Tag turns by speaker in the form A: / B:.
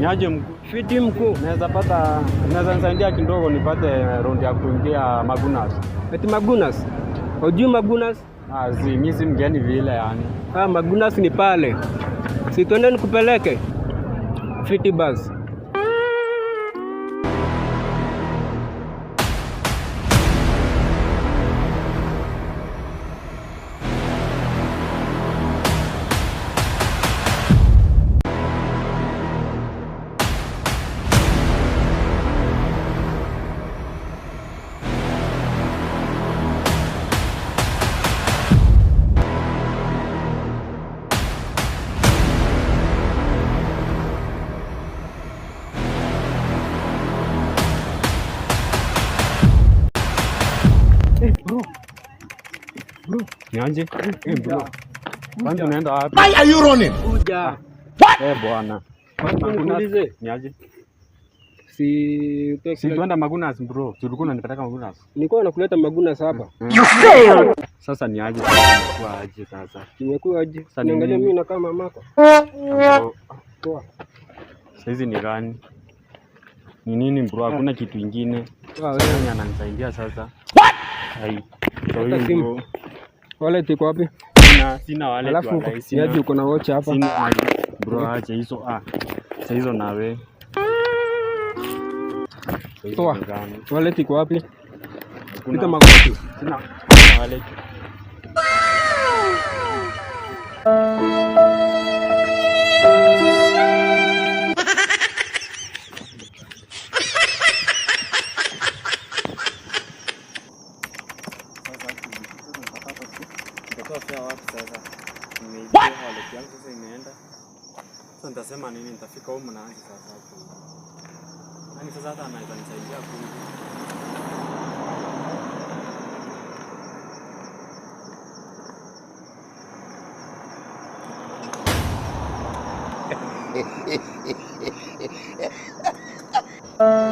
A: Nyaje mkuu,
B: fiti mkuu,
A: naweza pata, naweza nisaidia kidogo nipate round ya kuingia Magunas.
B: Eti Magunas? Hujui Magunas?
A: Ah, zi, mimi si mgeni vile yani.
B: Ah, Magunas ni pale. Si twende nikupeleke? Fiti basi.
A: Niaje? Kwanza unaenda wapi?
B: Why are you running? Uja. What? Eh, bwana. Niaje?
A: Niaje? Si si tuenda Magunas bro. Tulikuwa unanipeleka Magunas.
B: Nilikuwa nakuleta Magunas hapa. Eh, eh. You fail.
A: Sasa niaje? Kwa aje sasa.
B: Nimekuwa aje? Niangalie mimi na kama mamako.
A: Poa. Saizi ni gani? Ni nini bro? Hakuna ah. kitu kingine. Wewe ni ananisaidia sasa. What? Hai. Sasa simu.
B: Wallet iko wapi? Sina, sina wallet. Alafu
A: yaji uko na watch hapa. Sina bro, acha hizo ah. Sasa hizo nawe.
B: Toa. Wallet iko wapi? Kuna. magoti.
A: Sina wallet. tutafea wapi sasa?
B: Walikiangu
A: sasa imeenda sasa, nitasema nini? Nitafika huko mnaanza sasa hapo. Nani sasa hata anaweza nisaidia